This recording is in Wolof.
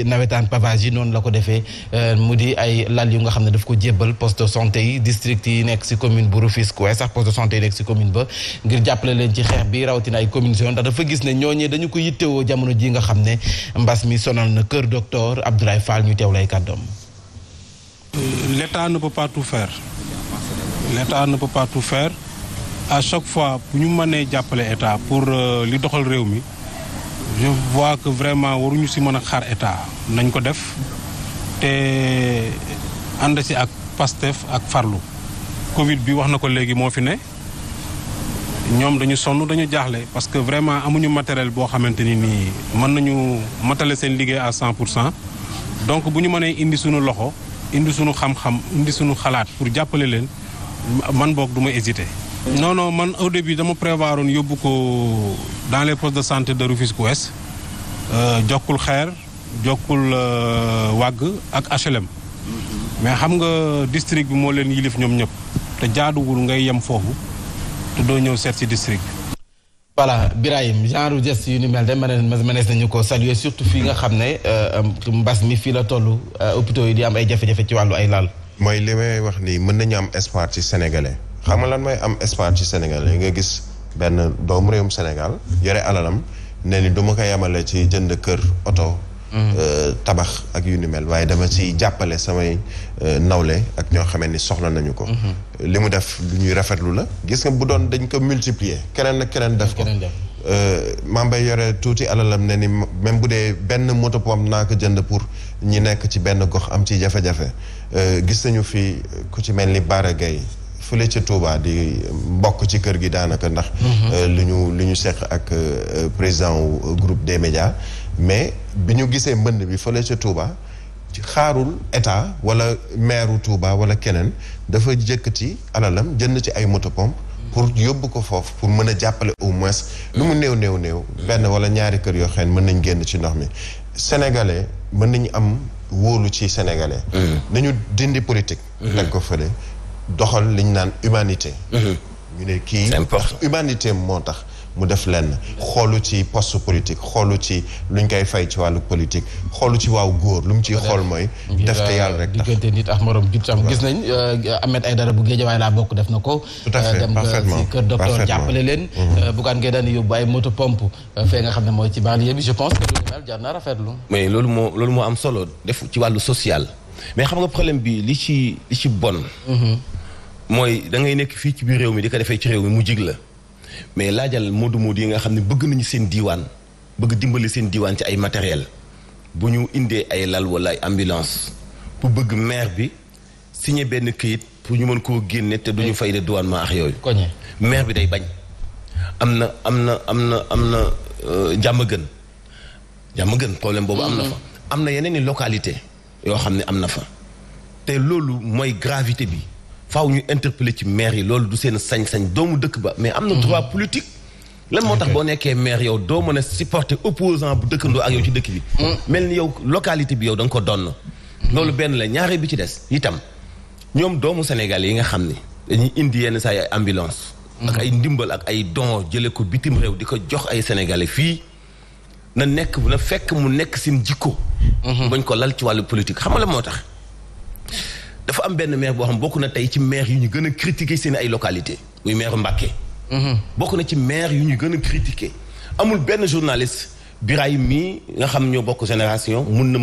ci nawetaan pavage yi noonu la ko defee euh, mu di ay lal yu nga xam ne daf ko jébbal poste de santé yi district yi nekk si commune bu Rufisque waaye sax poste de santé yi nekk si commune ba ngir jàppale leen ci xeex bi rawatina ay communes yoon ndax dafa gis ne ñooñee dañu ko yittewoo jamono ji nga xam ne mbas mi sonal na kër docteur Abdoulaye faal ñu teew lay kàddoom L'État ne peut pas tout faire l'État ne peut pas tout faire à chaque fois bu ñu mënee jàppale état pour euh, li doxal réew mi je vois que vraiment waruñu si mën a xaar état nañ ko def te ànd si ak Pastef ak farlu Covid bi wax na ko léegi moo fi ne ñoom dañu sonn dañu jaaxle parce que vraiment amuñu matériel boo xamante ni nii mën nañu matale seen liggéey à cent pour cent donc bu ñu mënee indi suñu loxo indi suñu xam-xam indi suñu xalaat pour jàppale leen man boog du ma hésité. non non man au début dama prévoiroon yóbbu ko. dans les postes de santé de Rufisque Ouest euh, jokkul xeer jokkul euh, wagg ak HLM mais xam nga district bi moo leen yilif ñoom ñëpp te jaaduwul ngay yem foofu te doo ñëw seet si district bi voilà Birahim genre geste yu ni mel de mënees nañu ko saluer surtout fii nga xam ne euh, mbas mi fii la toll hôpitaux yi di am ay jafe-jafe ci wàllu ay laal. mooy li may wax nii mën nañu am espoir ci sénégalais. xam nga lan mooy am espoir ci sénégalais nga gis benn doomu réewum Sénégal yore alalam ne ni duma ma ko yemale ci jënd kër oto. Mm-hmm. Euh, tabax ak yu ni mel waaye dama ciy jàppale samay euh, nawle ak ñoo xamee ni soxla nañu ko. Mm-hmm. li mu def lu ñuy rafetlu la. gis nga bu doon dañ ko multiplier keneen ak keneen def ko. Euh, maam bay yore tuuti alalam ne ni même bu dee benn moto pompe naa ko jënd pour ñi nekk ci benn gox am ci jafe-jafe gis nañu fi ku ci mel ni Bara Gaye fële ca Touba di mbokk ci kër gi daanaka ndax mhm. euh, lu ñu lu ñu seq ak euh, président euh, groupe des médias mais bi ñu gisee mbënd bi fële ca Touba xaarul état wala maire Touba wala keneen dafa jëkkati alalam jënd ci ay motopom pour yóbbu ko foofu pour mën a jàppale au moins lu mu néew néew néew benn wala ñaari kër yoo xam ne mën nañ génn ci ndox mi sénégalais mën nañu am wóolu ci sénégalais mhm. nañu dindi politique mhm. teg ko fële doxal li ñu naan humanité. Mhm. ñu ne kii humanité moo tax mu def lenn xoolu ci poste politique xoolu ci luñ koy fay ci wàllu politique xoolu ci waaw góor lu mu ciy xool mooy def te euh, yàlla rek tax diggante nit ak morom jub tam gis nañ euh, Ahmed Aïdara bu Géejawaay laa bokk def na ko tout ma euh, fait dem si kër docteur jàppale leen mhm. bugaan ngay daan yóbbu ay moto pomp fee nga xam ne mooy ci banlieue bi je pense que loolu daal jar na rafetlu mais loolu moo loolu moo am solo def ci wàllu social mais xam nga problème bi li ci li ci bon mhm. mooy da ngay nekk fii ci biir réew mi di ko defee ci réew mi mu jig la mais laajal moodu moodu yi nga xam ne bëgg nañu seen diiwaan bëgg dimbali seen diiwaan ci ay matériel bu ñu indee ay lal wala ay ambulance bu bëgg maire bi signé benn këyit pour ñu mën koo génne te duñu fay de douane ma ak yooyu maire bi day bañ am na am na am na am na euh, jàmm gën jàmm gën problème boobu am na fa mm-hmm. am na yeneen i localité yoo xam ne am na fa te loolu mooy gravité bi faaw ñu interpeller ci maire yi loolu du seen sañ-sañ doomu dëkk ba mais am na mhm. droit politique lan moo tax boo nekkee maire yow doo mën a supporter opposant bu dëkkandoo ak yow ci dëkk bi mm. mel ni yow localité bi yow danga nga ko donn mm. loolu benn la ñaare bi ci des itam ñoom doomu Sénégal yi nga xam ni dañuy indi yenn saa ay ambulance mm. ak ay ndimbal ak ay don jële ko bitim réew di ko jox ay sénégalais fii na nekk na fekk mu nekk seen jikko mm-hmm. bañ ko lal ci wàllu politique xam nga la moo tax dafa am benn maire boo xam bokk na tey ci maire yu ñu gën a critiquer seen ay localité muy maire Mbacké mhm. bokk na ci maire yu ñu gën a critiquer amul benn journaliste Birahim mii nga xam ñoo bokk génération mun na